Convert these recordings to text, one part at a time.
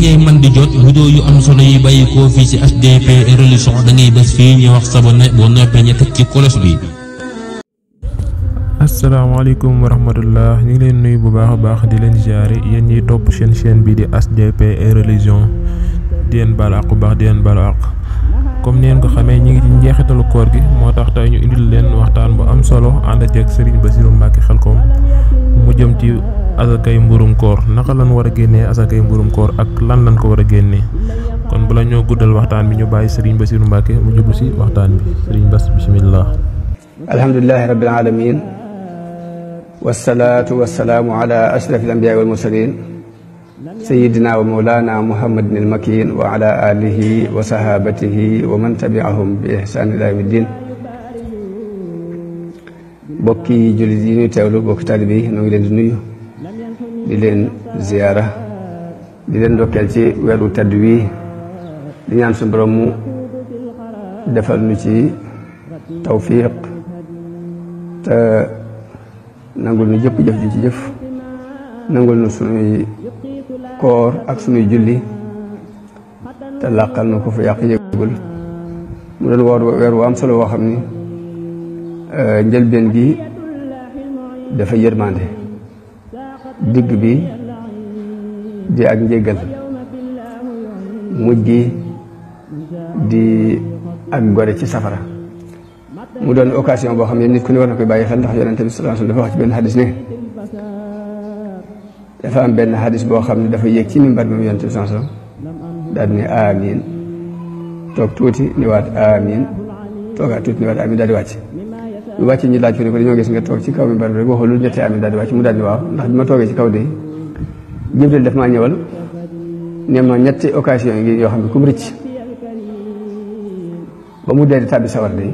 ngay man di jot vidéo yu am anu solo yi bàyyi koo fii ci SDP religion da ngay bés fi ñu wax ne bo noppé ñi tek ci kolos bi alaykum wa rahmatullah ñi ngi leen nuyu bu baax baax di leen jaare yeen ñi top seen chaîne bi di SDP religion di en balaq bu baax di en balaq comme ko xamé ñi ngi ci koor gi motax tay ñu indi leen waxtaan bu am solo and ak Serigne Bassirou mbacke xalkom mu jëm ci asakay mburum koor naka war a génnee asakay mburum koor ak lan lan ko war a génnee kon bala ñoo guddal waxtaan bi ñu bàyyi Serigne Bassirou Mbacke mu jublu si waxtaan bi Serigne Bass bisimilah. alhamdulilahi rabbil alamin wasalaatu wasalaamu ala ashrafil anbiyaa wal mursalin sayidina wa mawlana muhammadin al makin wa ala alihi wa sahabatihi wa man tabiahum bi ihsan ila yawmi din bokki jullit yi ñuy teewlu bokki talibi yi ngi leen di nuyu di leen ziyaara di leen ndokkeel ci weeru tedd wi di ñaan suñu borom mu defal nu ci tawfiq te nangul nu jëpp jëf ju ci jëf nangul nu suñuy koor ak suñuy julli te làqal nu ko fa yàq yëgul mu doon woor weer wu am solo woo xam ni Euh, njëlbeen gi dafa yërmande digg bi di ak njëgal mujj gi di ak gore ci safara mu doon occasion boo xam ne nit ku ne war na koy bàyyi xel ndax yonente bi sallallahu wasallam dafa wax ci benn ne dafa am benn hadis boo xam ne dafa yéeg ci mimbar bi mu yonente bi sallallahu alayhi wasallam daal ne amin toog tuuti ni waat toogaat tuuti ni waat daal di wàcc bi wàcc ñu laaj ko ne ko dañoo gis nga toog ci kaw mi bari rek waxoo lu ñetti amin daal di wàcc mu daal waaw ndax bi ma toogee ci kaw de Jibril daf maa ñëwal ne ma ñetti occasion yi yoo xam ne ku mu rëcc ba mu dee di tàbbi sawar de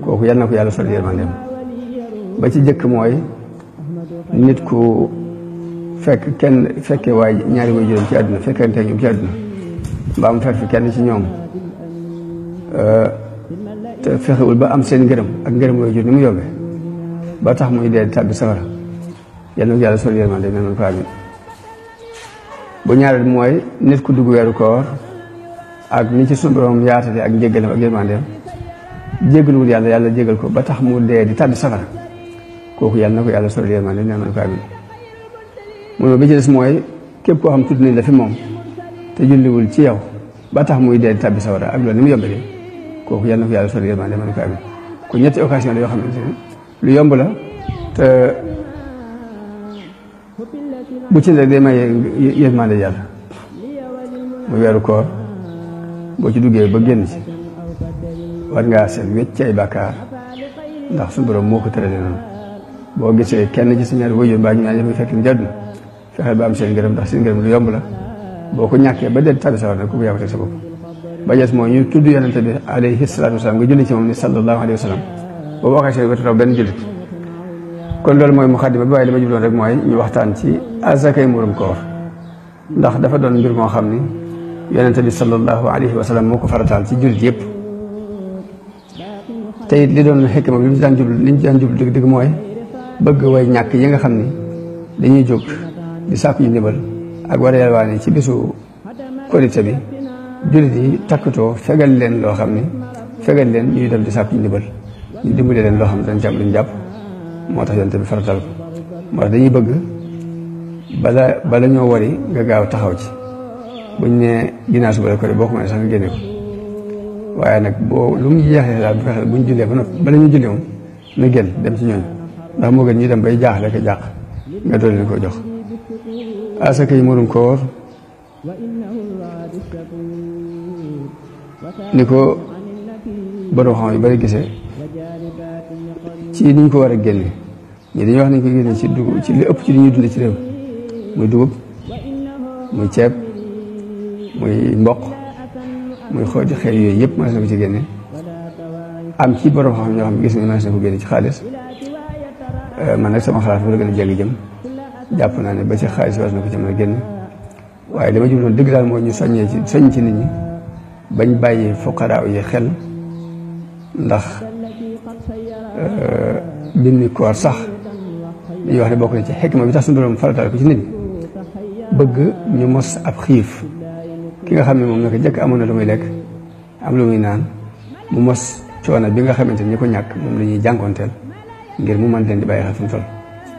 kooku yal na ko yàlla sori yërmandeem ba ci jëkk mooy nit ku fekk kenn fekkee waaye ñaari way juróom ci àdduna fekkante ñoom ci àdduna mbaa mu fekk fi kenn ci ñoom euh, te fexewul ba am seen ngërëm ak ngërëm way jur ni mu yóbbee ba tax muy dee tàbbi safara yal na yàlla sol yërmande ne noonu ko amin mooy nit ku dugg weeru koor ak ni ci sunu borom yaatale ak njéggalam yàlla yàlla jéggal ko ba tax mu dee di tàbbi safara kooku yàlla na ko yàlla sol yërmande ne noonu ko amin mu bi ci des mooy képp koo xam tudd nañ la moom te julliwul ci yow ba tax muy dee di tàbbi safara ak loolu ni mu yóbbee kooku yàlla na ko yàlla man yërmande mën ko amee kon ñetti occasion la yoo xamante ne lu yomb la te bu ci ne day may yërmande yàlla mu weeru koor boo ci duggee ba génn ci war ngaa seet wecc ay bàkkaar ndax suñu borom moo ko tëralee noonu boo gisee kenn ci sa ñaari wajur mbaa ñu naan yëpp fekk ni jàddu fexe ba am seen ngërëm ndax seen ngërëm lu yomb la boo ko ñàkkee ba dee tabi sawar nag ku ko ko teg sa bopp ba jees mooy ñu tudd yonente bi alayhi salaatu wasalaam nga julli ci moom ni sallallahu alayhi wa sallam boobu waxee seen wetu benn jullit kon loolu mooy muxaddima bi waaye li ma jubloon rek mooy ñu waxtaan ci azakay murum koor ndax dafa doon mbir moo xam ni yonente bi sallallahu alayhi wa sallam moo ko farataal ci jullit yëpp te it li doon xekk moom li ñu daan jublu li ñu mooy bëgg way ñàkk yi nga xam ni dañuy jóg di sàkku yu ndimbal ak war a yalwaani ci bisu korite bi jullit yi takkutoo fegal leen loo xam ne fegal leen ñuy dem di sàkku ndimbal ñu dimbale leen loo xam ne dañ ci am luñ jàpp moo tax yonte bi faratal ko moo tax dañuy bëgg bala bala ñoo wari nga gaaw taxaw ci buñ ne ginnaaw suba la ko de boo ko mënee sax nga génne ko waaye nag boo lu mu jeexee daal bu fexe buñ jullee ba noppi bala ñu jullee moom na génn dem ci ñooñ ndax moo gën ñuy dem bay jaax ko jàq nga doon leen ko jox asaka yi murum koor ni ko borom xam yu bari gise ci ni ko war a génne ñi dañuy wax nañ ko génne ci dugub ci li ëpp ci li ñuy dund ci réew muy dugub muy ceeb muy mboq muy xooti xeer yooyu yëpp mën na ko ci génne am ci borom xam xam ne gis nañ mën na ko génne ci xaalis euh, man nag sama xalaat fa la gën a jéggi jëm jàpp naa ne ba ci xaalis war na ko ci mën a waaye li ma jublu dëgg daal mooy ñu soññee ci soññ ci nit ñi bañ bàyyi fuqaraaw yi xel ndax euh, binni koor sax dañuy wax ne bokk na ci xikma bi tax suñu borom farataal ko ci nit bëgg ñu mos ab xiif ki nga xam ne moom naka jëkk amoon na lu muy lekk am lu muy naan mu mos coono bi xamante ni ñi ko ñàkk moom la ñuy jànkoonteel ngir mu man leen di bàyyi xel fu mu toll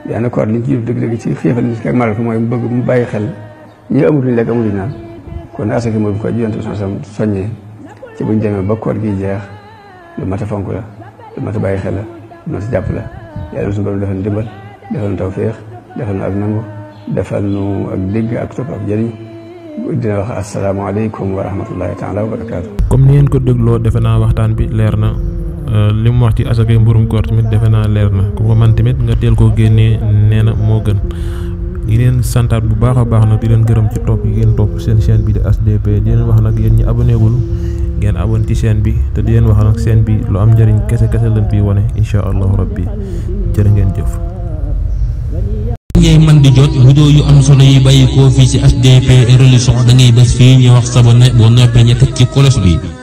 yaa na koor liñ ci dëgg ci xiifal nit mooy mu bëgg mu bàyyi xel ñi amul luñ lekk amul luñ naa kon asaka mooy bu ko yonent bi soññee ci buñ demee ba koor gi jeex lu mat a fonk la lu mat a bàyyi xel la lu mat a jàpp la yàlla suñu borom defal ndimbal defal nu tawféex defal nu ak nangu defal nu ak dégg ak topp ak jëriñ dina wax asalaamaaleykum wa rahmatullahi taala wa barakaatu. comme ni ngeen ko dégloo defe naa waxtaan bi leer na euh, li mu wax ci asakay mburum koor tamit defe naa leer na ku ko man tamit nga teel koo génnee nee na moo gën. di leen santaat bu baax a baax na di leen gërëm ci topp yi ngeen topp seen chaîne bi di HDP di leen wax nag yéen ñi abonné ngeen abonné ci seen bi te di leen wax nag seen bi lu am njëriñ kese kese lañ fiy wane incha allahu rabbi jërë ngeen jëf. ngay mën di jot vidéo yu am solo yi bàyyi koo fii ci HDP religion da ngay bés fii ñu wax sabonné boo noppee ñu teg ci cloche bi.